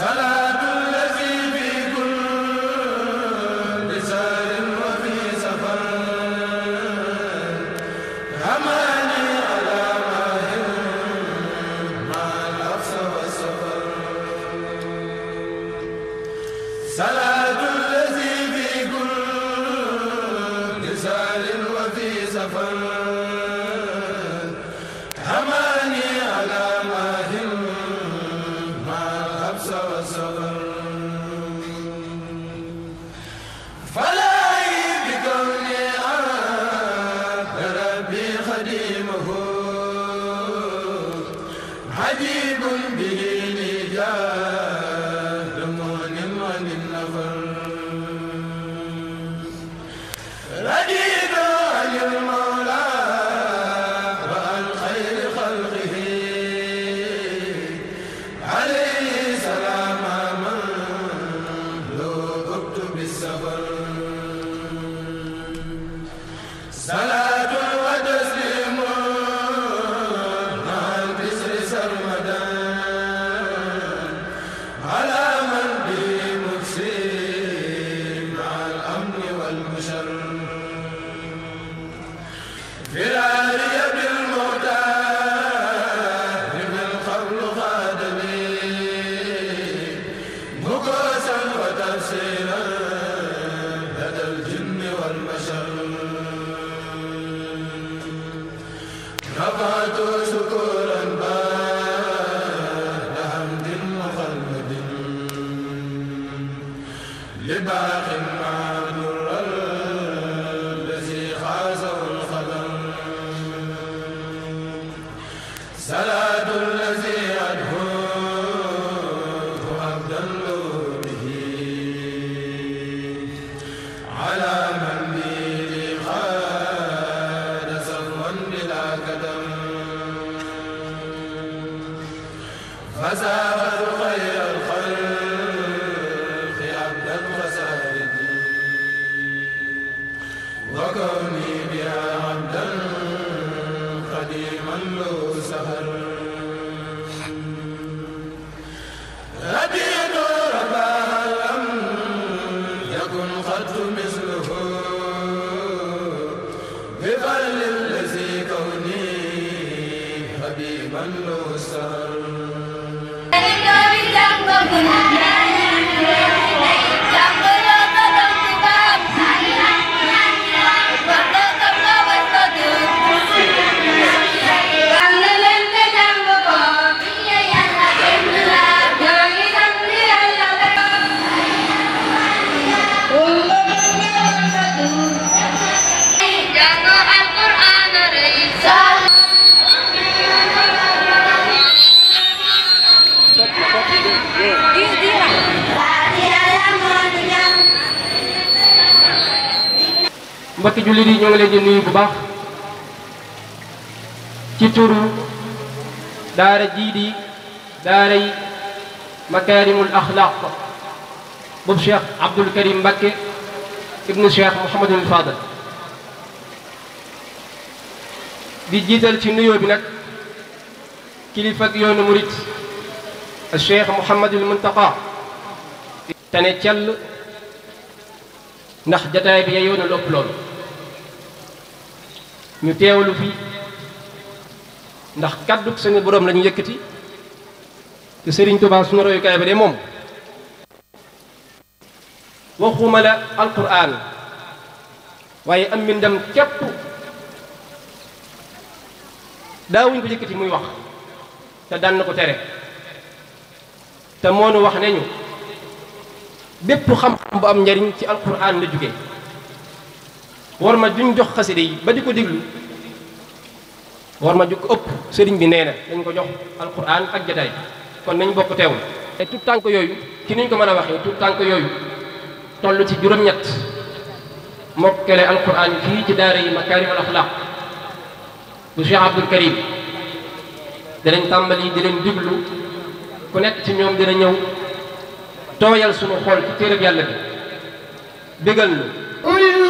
salaam salaam غدا فزار mbokki jullit yi ñoo ngi leen di nuyu bu baax ci turu daara jii di daaray makaarimul axlaaq boobu cheikh abdul karim mbakke ibnu cheikh mohamadul fadal di jiital ci nuyoo bi nag kilifa ak yoonu murit cheikh mohamadul muntaqa tane cell ndax jataay bi yeyoo na lépp ñu teewalu fii ndax kàddu suñu borom la ñu yëkkati te Sëriñ Tuubaa suñu royukaay ba de moom waxuma la alquran waaye am mbindam képp daawuñ ko yëkkati muy wax te dal na ko tere te moonu wax ne ñu bépp xam-xam bu am njariñ ci alquran la jóge war ma duñ jox xasida yi ba di ko déglu war ma ju ko ëpp sëriñ bi nee na dañ ko jox alquran ak jataay kon nañ bokk teewul te tout tànk yooyu ci nañ ko mën a waxee tout tànk yooyu toll ci juróom-ñett mokkale alquran fii ci daara yi makaarim al axlaaq bu Cheikh Abdul Karim danañ tàmbali di leen déglu ku nekk ci ñoom dina ñëw tooyal sunu xool ci téereb yàlla bi bégal lu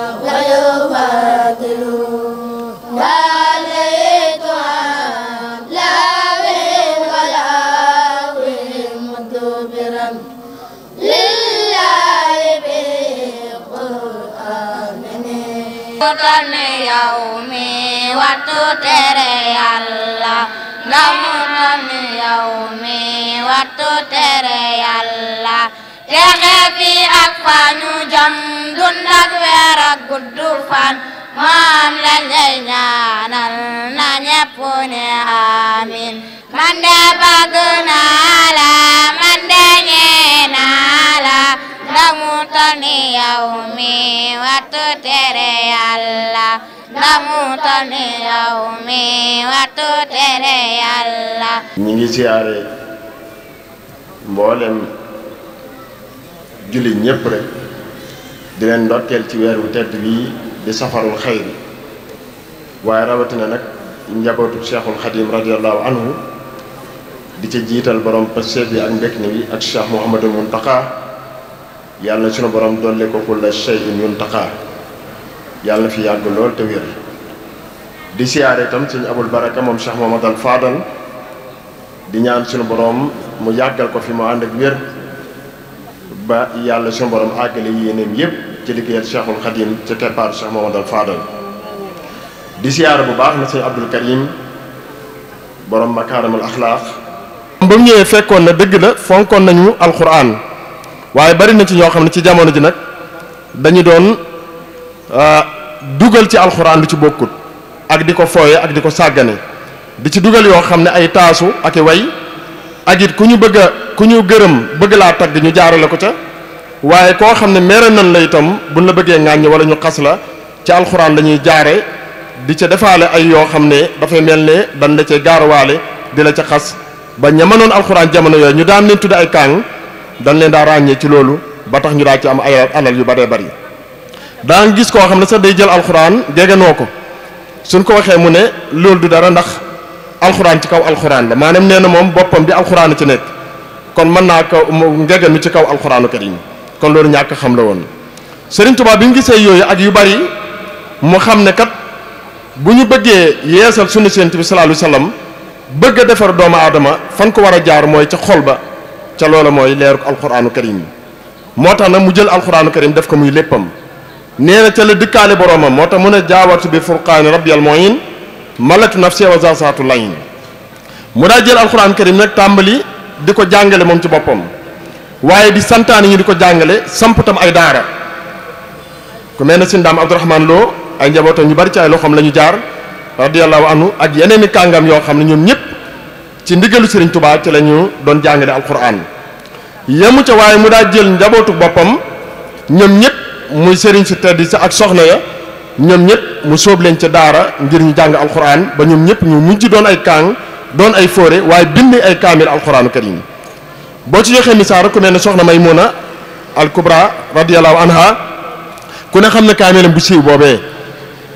wattu tere yàlla ndamu tami yow mi wattu tere yàlla texe fi ak fa ñu jëm dund ak weer ak gudd fan moom lañ lay ñaanal na ñepp ne amin man de bëgg naa la damutani yow mi yow mi wattu tere yàlla ñi ngi siyaare mboolem jullit ñépp rek di leen ndokkeel ci weer wu tedd bii di safarul xayri waaye rawatina nag njabootu cheikhul xadim radiallahu anhu di ci jiital borom passeef bi ak mbekk ni bi ak cheikh mouhamadul muntaka yàlla sunu borom dolli ko kulla ñun taxa yàlla fi yàgg lool te wér di siyaare itam suñu abul baraka moom Cheikh Mamadou Fadal di ñaan sunu boroom mu yàggal ko fi mu ànd ak wér ba yàlla sunu borom àggale yéeneem yépp ci liggéeyal Cheikhul Khadim ci keppaar Cheikh Mamadou Fadal di siyaare bu baax na suñu Abdul Karim borom makaarimal axlaaq ba mu ñëwee fekkoon na dëgg la fonkoon nañu alxuraan waaye bari na ci ñoo xam ne ci jamono ji nag dañu doon euh, dugal ci alxuraan lu ci bokkut ak di ko fooye ak di ko sàggane di ci dugal yoo xam ne ay taasu ak i way ak it ku ñu bëgg a ku ñu gërëm bëgg laa tagg ñu jaarale ko ca waaye koo xam ne mere nan la itam buñ la bëggee ŋàññ wala ñu xas la ci alxuraan la ñuy jaare di ca defaale ay yoo xam ne dafay mel ne dañ la ca gaaruwaale di la ca xas ba ñamanoon alxuraan jamono yooyu ñu daan leen tudde ay kàng dañ leen daa ràññee ci loolu ba tax ñu daa ci am ay alal yu baree bari daa ngi gis koo xam ne sax day jël alxuraan jege noo ko suñ ko waxee mu ne loolu du dara ndax alxuraan ci kaw alxuraan la maanaam nee na moom boppam di alxuraan ci nekk kon mën naa ko njegenu ci kaw alxuraanu yi kon loolu ñàkk xam la woon Serigne Touba bi mu gisee yooyu ak yu bari mu xam ne kat bu ñu bëggee yeesal sunna Yonent bi sallallahu alayhi bëgg defar doomu aadama fan ko war a jaar mooy ca xol ba ca loola mooy leeru alquraanu karim moo tax nag mu jël alquraanu karim def ko muy léppam nee na ca la dëkkaale boroomam moo tax mu ne jaawatu bi furqaani rabbiyal mu'in malatu nafsi wa zasaatu layin mu daa jël alquraanu karim nag tàmbali di ko jàngale moom ci boppam waaye di santaane ñu di ko jàngale samp ay daara ku mel ne si ndaam Abdourahman Lo ay njabootam ñu bari ci ay loxoom la ñu jaar radiyallahu anhu ak yeneen i kàngam yoo xam ne ñoom ñëpp. ci ndigalu sëriñ tubaa ci la ñu doon jàngale alxuraan yemu ca waaye mu daa jël njabootu boppam ñoom ñëpp muy sëriñ si tedd si ak soxna ya ñoom ñëpp mu sóob leen ca daara ngir ñu jàng alxuraan ba ñoom ñëpp ñu mujj doon ay kaang doon ay fóore waaye bind ay kaamil alxuraanu karim boo ci joxee misaal rek ku mel ne soxna Maymuna al Kubra radiyallahu anha ku ne xam ne kaamilam bu siiw boobee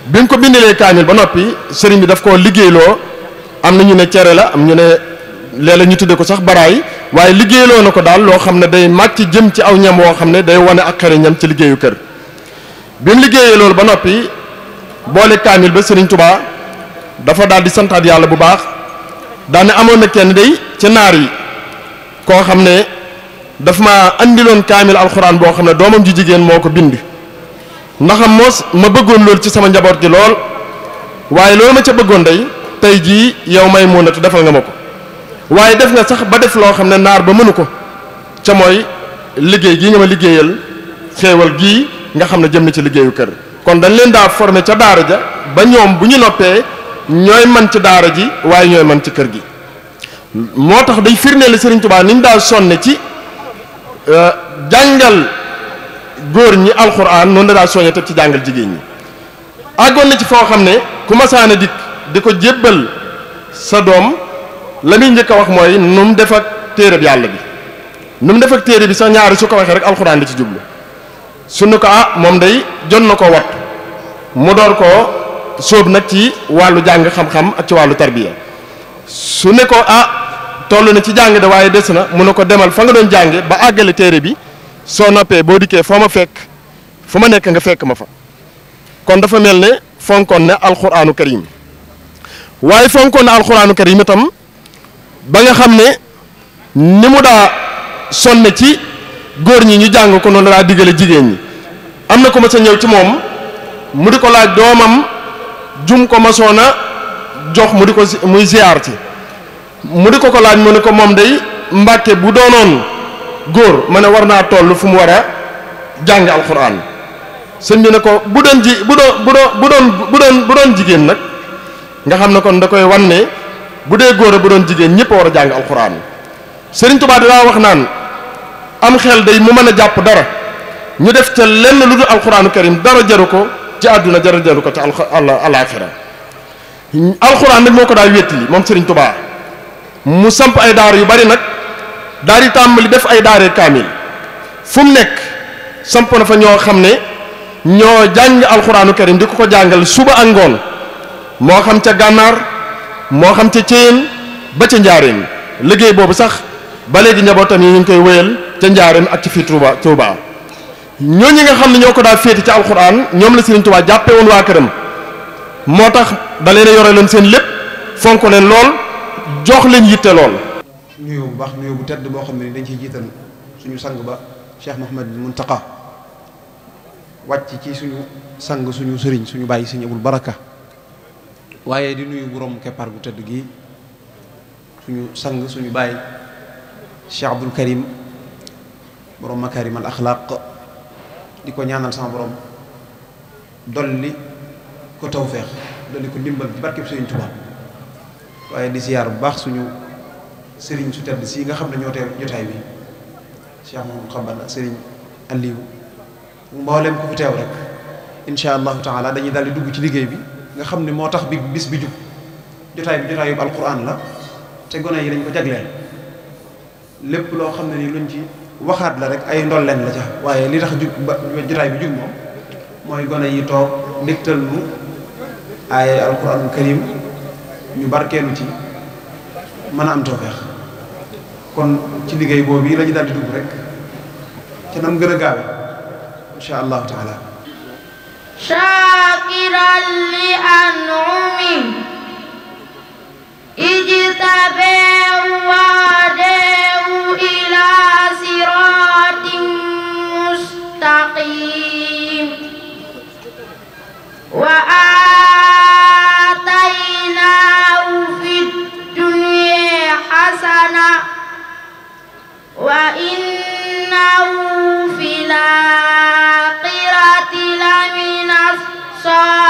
bi mu ko bindalee kaamil ba noppi sëriñ bi daf koo liggéeyloo am na ñu ne cere la am ñu ne léeg ñu tuddee ko sax baraay waaye liggéeyloo na ko daal loo xam ne day màcc jëm ci aw ñam woo xam ne day wane ak xariñam ci liggéeyu kër bi liggéeyee loolu ba noppi boole kaamil ba Serigne tubaa dafa daal di santaat yàlla bu baax daane amoon na kenn day ci naar yi koo xam ne daf ma andiloon kaamil alxuraan boo xam ne doomam ji jigéen moo ko bind ndaxam moos ma bëggoon loolu ci sama njaboot gi lool waaye loolu ma ca bëggoon day tey jii yow may munatu defal nga ma ko waaye def nga sax ba def loo xam ne naar ba mënu ko ca mooy liggéey gii nga liggéeyal xéewal gii nga xam ne jëm na ci liggéeyu kër kon dañ leen daa formé ca daara ja ba ñoom bu ñu noppee ñooy man ci daara ji waaye ñooy man ci kër gi moo tax day firndeel Serigne Touba ni ñu daa sonne ci euh, jàngal góor ñi alxuraan noonu la daa soññee te ci jàngal jigéen ñi àggoon na ci foo xam ne ku masaana dikk di ko jébbal sa doom la muy njëkk a wax mooy nu mu def ak téere bi yàlla bi nu mu def ak téere bi sax ñaari su ko waxee rek alxuraan di ci jublu suñu ko ah moom day jot na ko wat mu door ko sóob nag ci wàllu jàng xam-xam ak ci wàllu tarbiya su ne ko ah toll na ci jàng de waaye des na mu ne ko demal fa nga doon jànge ba àggale téere bi soo noppee boo dikkee foo ma fekk fu ma nekk nga fekk ma fa kon dafa mel ne fonkoon ne alxuraanu karim waaye fonkoon na alxuraanu karim itam ba nga xam ne ni mu daa sonne ci góor ñi ñu jàng ko noonu daa diggale jigéen ñi am na ko ma sa ñëw ci moom mu di ko laaj doomam jum ko masoon a jox mu di ko muy ziar ci mu di ko ko laaj mu ne ko moom day mbàkke bu doonoon góor ma ne war naa toll fu mu war a jàng alxuraan sëñ bi ne ko bu doon ji bu doon bu doon bu doon bu doon jigéen nag nga xam ne kon da koy wan ne bu dee góor bu doon jigéen ñëpp war a jàng alxuraan Sëriñ Tuubaa dinaa wax naan am xel day mu mën a jàpp dara ñu def ca lenn lu dul alxuraanu karim dara jaru ko ci àdduna dara jaru ko ci alaaxira alxuraan nag moo ko daa wétti moom Sëriñ Tuubaa mu samp ay daar yu bari nag daal di tàmbali def ay daaree kaamil fu mu nekk samp na fa ñoo xam ne ñoo jàng alxuraanu karim di ko ko jàngal suba ak ngoon moo xam ca gànnaar moo xam ca céyeen ba ca njaareem liggéey boobu sax ba léegi njabootam yi ñu koy wéyal ca njaareem ak ci fii Touba Touba ñooñu nga xam ne ñoo ko daal féete ca alxuraan ñoom la Serigne Touba jàppe woon waa këram moo tax da leen yore leen seen lépp fonk leen lool jox leen yitte lool. bu baax nuyu bu tedd boo xam ne dañ ciy jiital suñu sang ba Cheikh mun Mountakha wàcc ci suñu sang suñu sëriñ suñu bàyyi si ñëwul baraka. waaye di nuyu borom keppaar gu tëdd gi suñu sang suñu baay Cheikh Abdul Karim borom makarim al axlaaq di ko ñaanal sama borom dolli ko tawféex dolli ko ndimbal bi barkeb Sëriñ Tuubaa waaye di siyaar bu baax suñu sëriñ su tedd sii nga xam ne ñoo teew jotaay bi Cheikh Mamadou Xaban ak sëriñ Aliou mboolem ku fi teew rek incha allahu taala dañuy daal di dugg ci liggéey bi. nga xam ne moo tax bi bis bi jub jotaay bi jotaay yóbbu alquran la te gone yi dañ ko jagleel lépp loo xam ne ni luñ ci waxaat la rek ay ndolleen la ca waaye li tax jub jotaay bi jub moom mooy gone yi toog dégtal nu ay alquranul karim ñu barkeelu ci mën a am toofeex kon ci liggéey boobu yi la ñu daal di rek ca nam gën a gaawe incha allahu taala شاكرا لأنعمه اجتباه وهداه إلى صراط مستقيم وآتيناه في الدنيا حسنة وإن sa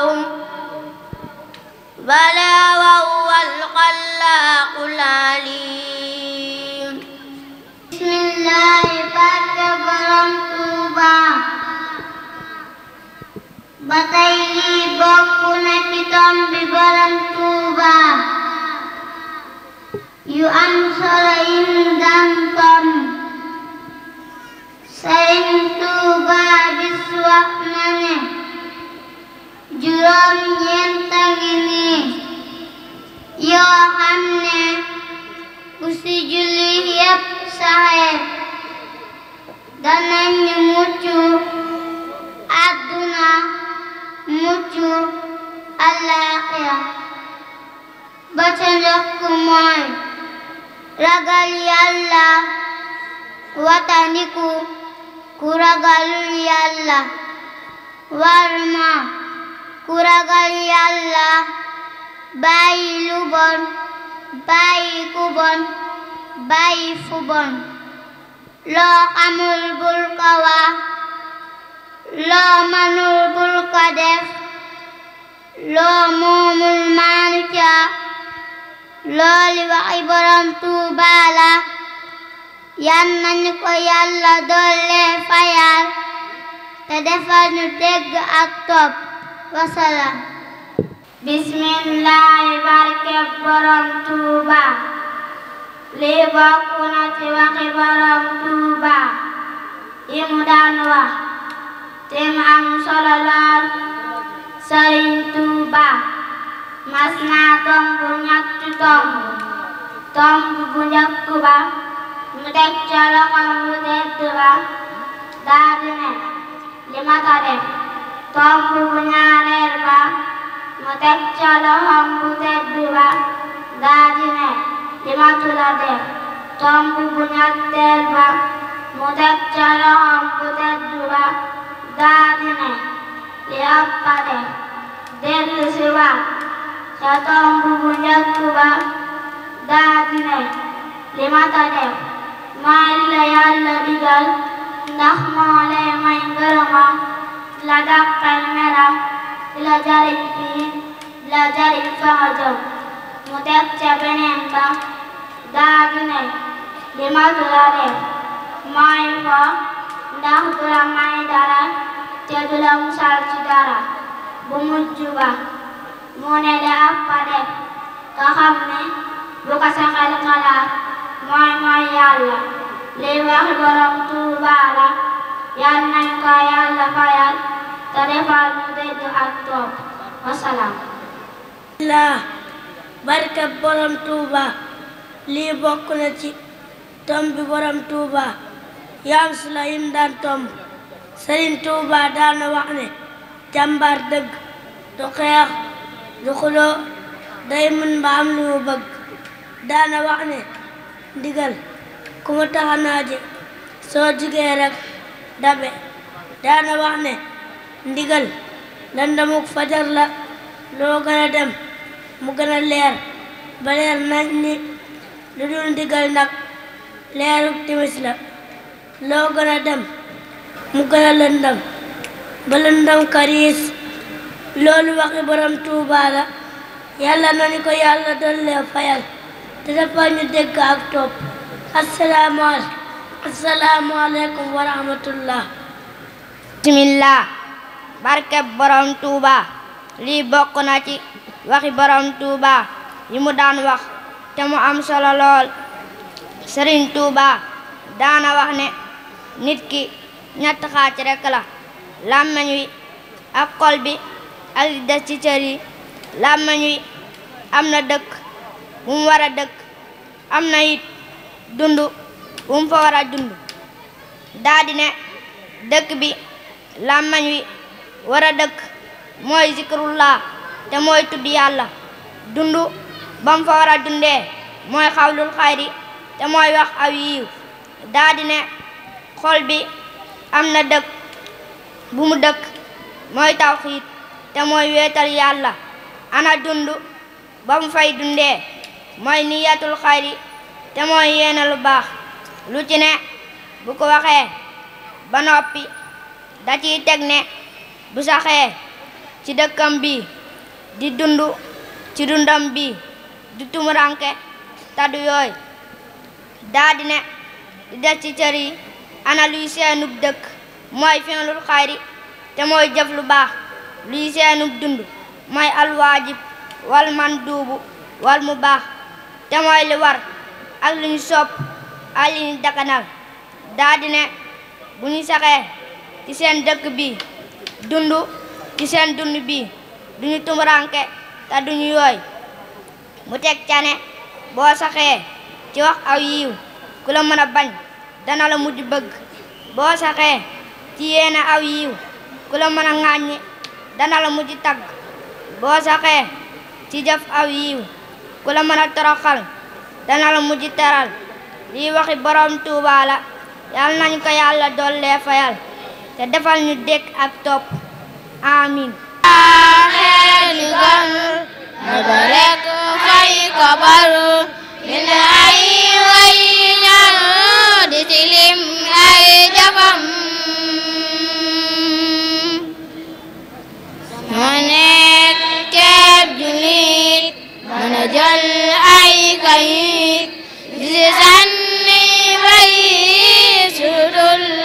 ربهم بلى وهو الخلاق العليم بسم الله بك borom Tuuba ba tey lii bokk na ci tombi borom Tuuba yu am solo yim daan tom Sëriñ Tuuba bis wax na ne juróom ñeent a ngi nii yoo xam ne bu ci julli yépp saxee danañu mucc àdduna mucc àllaaxira ba ca njëkk mooy ragal yàlla wataniku ku ragalul yàlla war ma ku ragal yàlla bàyyi lu bon bàyyi ku loo xamul bul loo mënul bul loo moomul maanu ca looli waxi borom Tuuba la yan nañu ko yàlla doole fayal te defal ñu dégg ak وسلم بسم الله بركب برم توبا لبقنة وقبرم توبا يمدان وح تم أم صلالار سرين توبا مسنا tomb ñetti tomb tomb bu njëkk ba mu teg ca loxo mu tedd ba daa di ne li ma ko def topp bu ñaareel ba mu teg ca loxoom bu tedd ba daa li ma tudd a def bu ñetteel ba mu teg ca loxoom bu tedd ba daa li ëpp a def si waat ca tomb bu njëkk ba daa di ne li mat a def mooy la yàlla digal ndax moo lay may ngërëmam la dàqal meram la jariñ bii la jariñ fa nga jëm mu teg ca beneen ba daa di ne li ma du la def mooy ko ndax du la may dara te du la musal ci dara bu mujj ba mu ne de ab fa def ka xam ne bu ko sa xel xalaat mooy mooy yàlla li wax borom Tuubaa la yal nañ ko yàlla fayal te defal mu dégg ak topp wasalaam laa barke borom tuuba lii bokk na ci tomb borom tuuba yaam su la daan tomb sëriñ tuuba daana wax ne dëgg du du xuloo day mën ba am bëgg daana wax ne ndigal ku soo jugee rek dabe daana wax ne ndigal lëndamuk fajar la loo gën a dem mu gën a leer ba leer nañ ni lu dul ndigal nag leeruk timis la loo gën a dem mu gën a lëndam ba lëndam kariis loolu waxi borom tuubaa la yàlla na ni ko yàlla dolle fayal te dafa ñu dégg ak topp asalaamaaleykum asalaamualeykum wa rahmatullah bismillah barkeb borom tuuba lii bokk na ci waxi borom tuuba yi mu daan wax te mu am solo lool sëriñ tuuba daana wax ne nit ki ñett xaaj rekk la làmmiñ wi ak xol bi ak li des ci cër yi làmmiñ wi am na dëkk bu mu war a dëkk am na it dund wu mu fa war a dund daa di dëkk bi làmmañ wi war a dëkk mooy zikrullah te mooy tudd yàlla dund ba mu fa war a dundee mooy xawlul xayri te mooy wax aw yiiw daa di xol bi am na dëkk bu mu dëkk mooy tawxiid te mooy wéetal yàlla ana dund ba mu fay dundee mooy niyatul xayri te mooy yéene lu baax lu ci ne bu ko waxee ba noppi da ciy teg ne bu saxee ci dëkkam bi di dund ci dundam bi du tumuranke taddu yooyu daa di ne di des ci cër yi ana luy seenub dëkk mooy fi'lul xayri te mooy jëf lu baax luy seenub dund mooy alwaajib wal manduubu wal mu baax te mooy li war ak lu ñu sopp alini dakanal daldi ne bu ñu saxee ci seen dëkk bi dund ci seen dund bi duñu tumuranke te duñu yooy mu teg ca ne boo saxee ci wax aw yiw ku la mën a bañ dana la mujj bëgg boo saxee ci yéene aw yiw ku la mën a ŋàññi dana la mujj tagg boo saxee ci jëf aw yiw ku la mën a toroxal dana la mujj teral lii waxi borom tuuba la yal nañ ko yàlla dollee fayal te defal ñu dégg ak topp amin aaxee ñu gën na ko rekk fay ko baru min ay way ñan di tilim ay jabam mu nekk keeb ju nit mën a ay kayit li zanni way sudul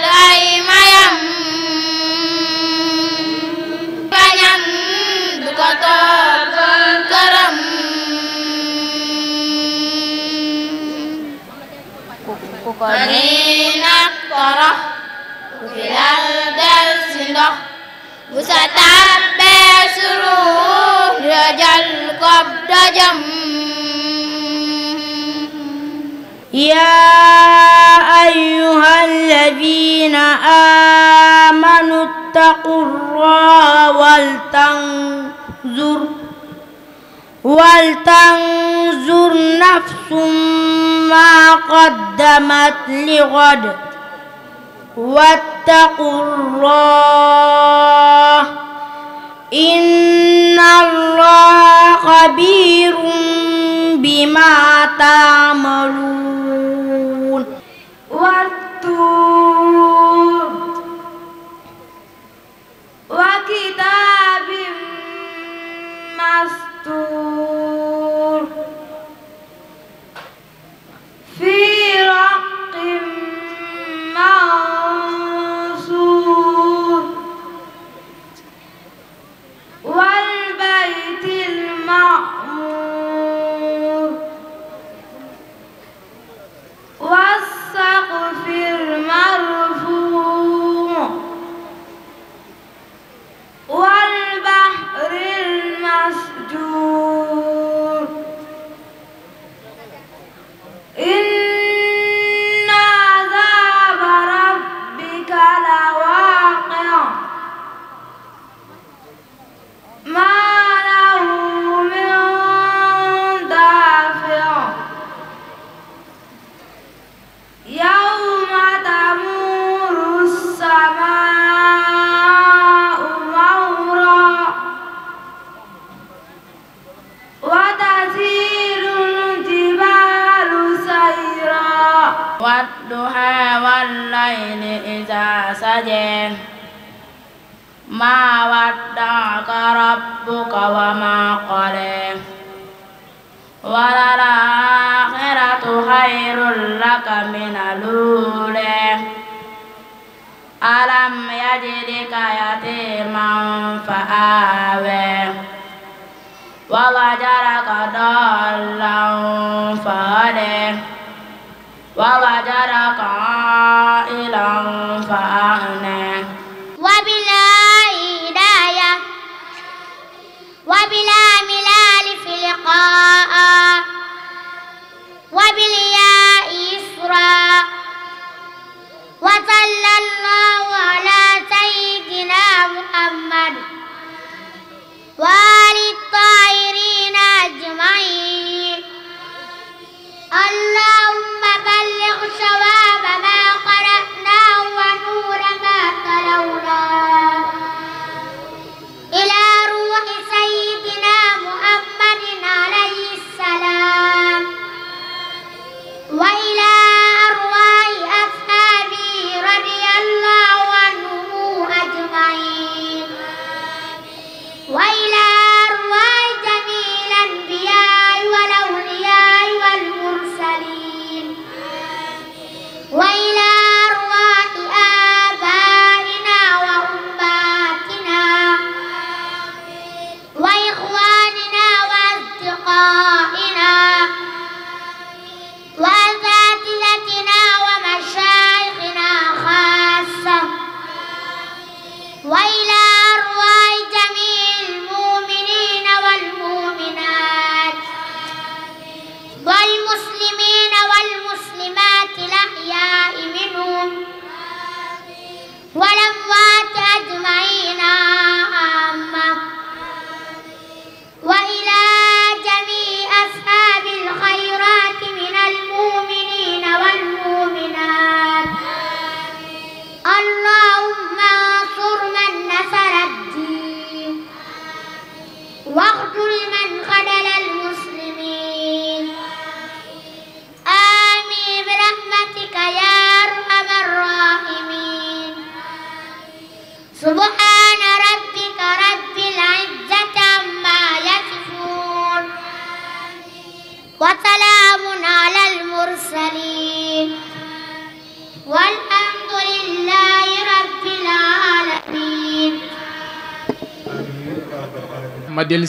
يا أيها الذين آمنوا اتقوا الله ولتنظر ولتنظر نفس ما قدمت لغد واتقوا الله إن الله خبير بما تعملون والطور وكي والضحى والليل إذا سجى ما ودعك ربك وما قلى وللآخرة خير لك من الأولى ألم يجدك يتيما فآوى ووجدك ضالا فآوى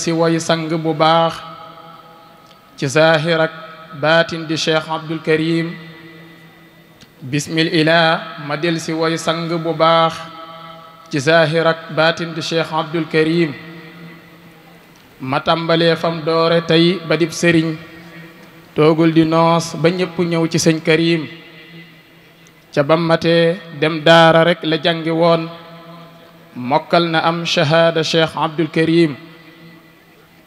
si woy sang bu baax ci zaahir ak bismil ilaa ma del si woy sang bu baax ci zaahir ak baatin di cheikh abdul karim ma tàmbalee fam doore tey ba dib sëriñ toogul di noos ba ñëpp ñëw ci sëñ karim ca bam matee dem daara rekk la jàngi woon mokkal na am shahaada cheikh abdul karim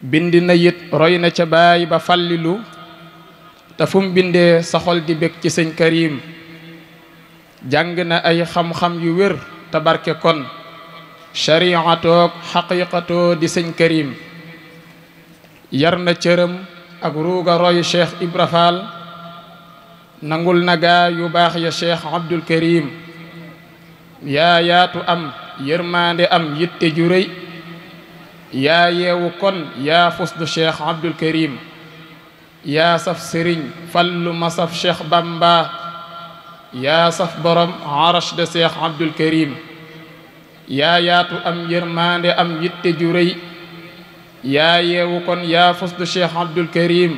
bindi na yit roy na ca baay ba fàllilu te fum mu bindee sa di bég ci sëñ Karim jàng na ay xam-xam yu wér te barke kon shariatoog xaqiqatoo di sëñ Karim yar na cëram ak ruuga roy cheikh Ibra nangul na yu baax ya cheikh Abdul Karim yaa am yërmaande am yitte ju rëy yaa yeewu kon yaa fusdu cheikh abdul karim yaa saf sëriñ fallu ma saf bamba yaa saf borom arash de cheikh abdul karim yaa yaatu am yërmaande am yitte ju yaa yeewu kon yaa fusdu cheikh abdul karim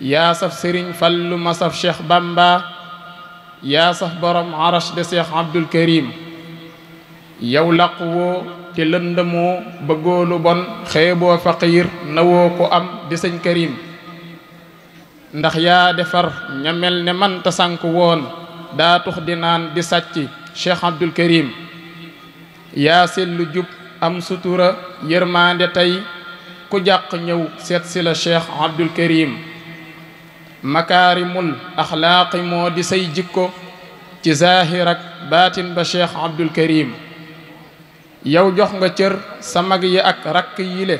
yaa saf sëriñ fallu ma saf bamba yaa saf borom arash de cheikh abdul karim yow làqu woo te lëndëmoo bëggoo lu bon xeeboo faqiir nawoo ko am di sëñ ndax yaa defar ña mel ne manta ta sànk woon daa tux di naan di sàcc cheikh abdul karim yaa sellu jub am sutura yërmaande tey ku jàq ñëw seet si la cheikh abdul karim makaarimul axlaaqi moo di say jikko ci zaahir ak baatin ba cheikh abdul karim yow jox nga cër sa mag yi ak rakk yile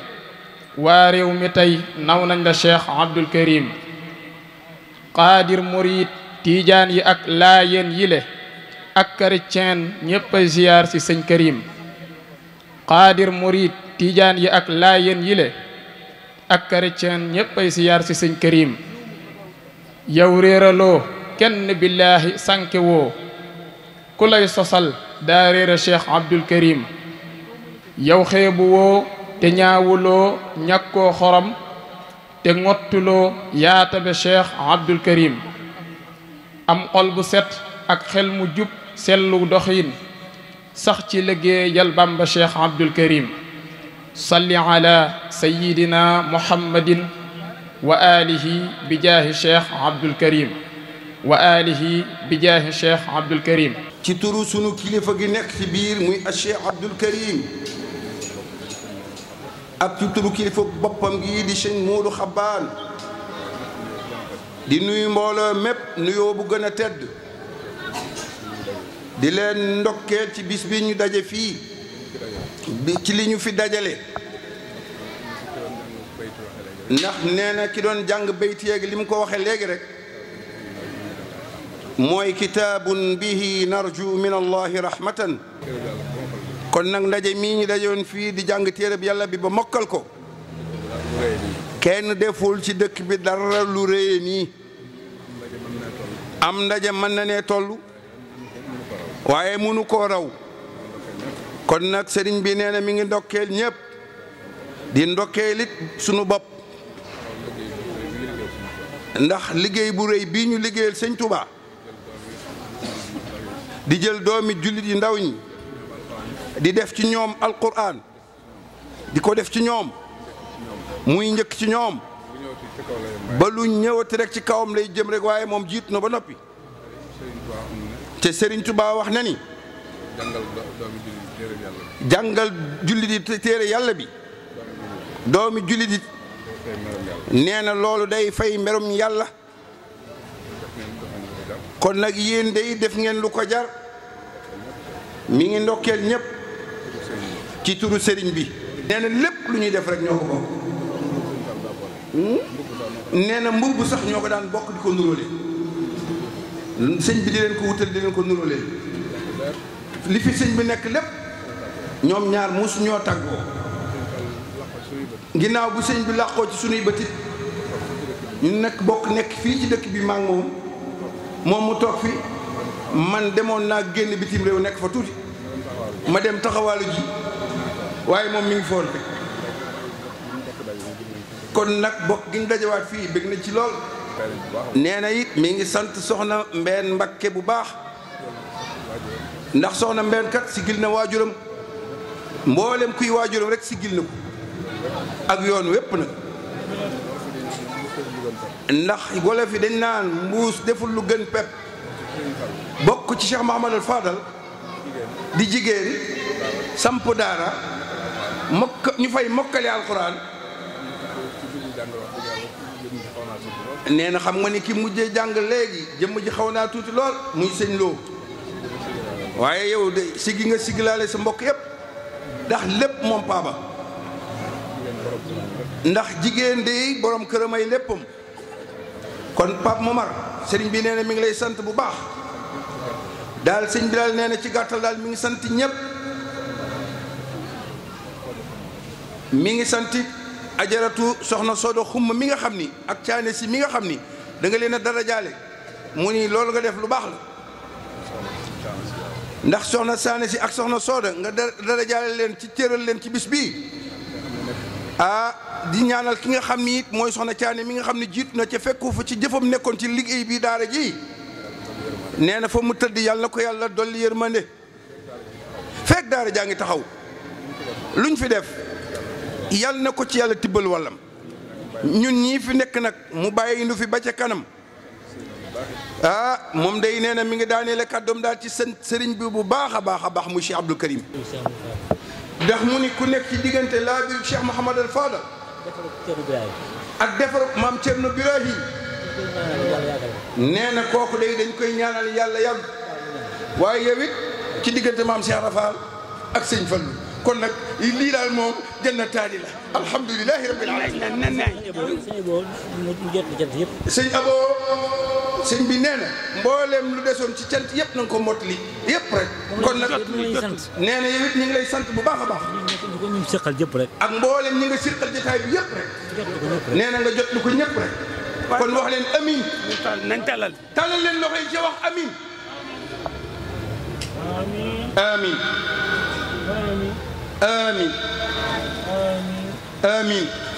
waa réew mi tey naw nañ la cheikh abdul karim qaadir murid tiijaan yi ak laayeen yile ak chrétien ñépp ay ziyaar ci sëñ karim qaadir murid tiijaan yi ak laayeen yile ak chrétien ñépp ay ziyaar ci sëñ karim yow réeraloo kenn billaahi sànke woo ku sosal daa réera cheikh abdul karim yow xeebu te ñaawuloo ñàkkoo xorom te ngottuloo yaatabe cheikh abdul karim am xol bu set ak xel mu jub sellu doxiin sax ci liggéeyal bamba cheikh abdul karim salli ala sayidina muhammadin wa alihi bi jaahi cheikh abdul karim wa alihi bi jaahi abdul karim ci turu sunu kilifa gi nekk ci biir muy cheikh abdul karim ak ci turu boppam gi di sëñ Moodu Xabaan di nuyu mbooloo mépp nuyoo bu gën a tedd di leen ndokkeel ci bis bi ñu daje fii ci liñu fi dajale ndax nee na ki doon jàng bayt yeeg li ko waxee léegi rek mooy kitaabun bihi narju min allahi rahmatan kon nag ndaje mii ñu dajoon fii di jàng téereb yàlla bi ba mokkal ko kenn deful ci dëkk bi dara lu réye nii am ndaje mën na ne toll waaye mënu koo raw kon nag sëriñ bi nee na mi ngi ndokkeel ñépp di ndokkeel sunu bopp ndax liggéey bu réy bii ñu liggéeyal sëñ Tuubaa di jël doomi jullit yi ndaw ñi di def ci ñoom alquran di ko def ci ñoom muy njëkk ci ñoom ba lu ñëwati rek ci kawam lay jëm rek waaye moom jiitu na ba noppi te Serigne Touba wax na ni jàngal jullit yi téere yàlla bi doomi jullit yi nee na loolu day fay mberum yàlla kon nag yéen day def ngeen lu ko jar mu ngi ndokkeel ñépp ci turu sëriñ bi nee lépp lu ñuy def rek ñoo ko bokk nee na bu sax ñoo ko daan bokk di ko nuróole sëñ bi di ko wutal di ko nuróole li fi sëñ bi nekk lépp ñoom ñaar muus ñoo tàggoo ginnaaw bu sëñ bi làqoo ci suñuy bëtit ñu nekk bokk nekk fii ci dëkk bi maag moom moom mu toog fi man demoon naa génn bitim réew nekk fa tuuti ma dem taxawaalu ji waaye moom mi ngi foon bi kon nag bokk gi ñu dajawaat fii bëgg na ci lool nee na mi ngi sant soxna Mbeen Mbakke bu baax ndax soxna Mbeen kat sigil na waajuram mboolem kuy waajuram rek sigil na ko ak yoon wépp nag ndax wolof yi dañ naan mbuus deful lu gën pepp bokk ci Cheikh Mahamadul Fadal di jigéen samp daara mokk ñu fay mokkale alxuraan nee na xam nga ni ki mujjee jàng léegi jëmm ji xaw naa tuuti lool muy sëñ loo waaye yow de siggi nga siggilaale sa mbokk yépp ndax lépp moom paaba ndax jigéen de borom këram ay léppam kon Pape mar sëriñ bi nee na mi ngi lay sant bu baax daal sëñ bi daal nee na ci gàttal daal mi ngi sant ñépp mi ngi santit ajaratu soxna Sodo xumma mi nga xam ni ak caane si mi nga xam ni danga leen a dara jaale mu ni loolu nga def lu baax la ndax soxna saane si ak soxna Soda nga dara jaale leen ci cëral leen ci bis bi ah di ñaanal ki nga xam ni mooy soxna caane mi nga xam ni jiitu na ca fekku fa ci jëfam nekkoon ci liggéey bi daara ji nee na fa mu tëdd yàlla ko yàlla dolli yërmande fekk daara jaa ngi taxaw luñ fi def yal na ko ci yàlla tibbal wàllam ñun ñii fi nekk nag mu bàyyi nu fi ba ca kanam ah moom day nee na mi ngi daanee la kàddoom daal ci seen sëriñ bi bu baax baax a baax mu Cheikh Abdou Karim ndax mu ni ku nekk ci diggante laa biir Cheikh Mouhamad al Fadal ak defar maam Thierno Birahi nee na kooku day dañ koy ñaanal yàlla yàgg waaye yow ci diggante maam Cheikh Rafal ak sëñ Fallou kon nag lii daal moom jannataani la alhamdulilahi rabbil alamin nan nañ sëñ aboo mu jot cant yëpp sëñ aboo sëñ bi nee na mbooleem lu desoon ci cant yëpp na nga ko mottali yëpp rek kon nag nee na yow it ñu ngi lay sant bu baax a baax ñu seqal yëpp rek ak mbooleem ñi nga seqal jotaay bi yëpp rek nee na nga jot lu ko ñëpp rek kon wax leen amin nañ talal talal leen loxo yi ci wax amin amin amiin amiin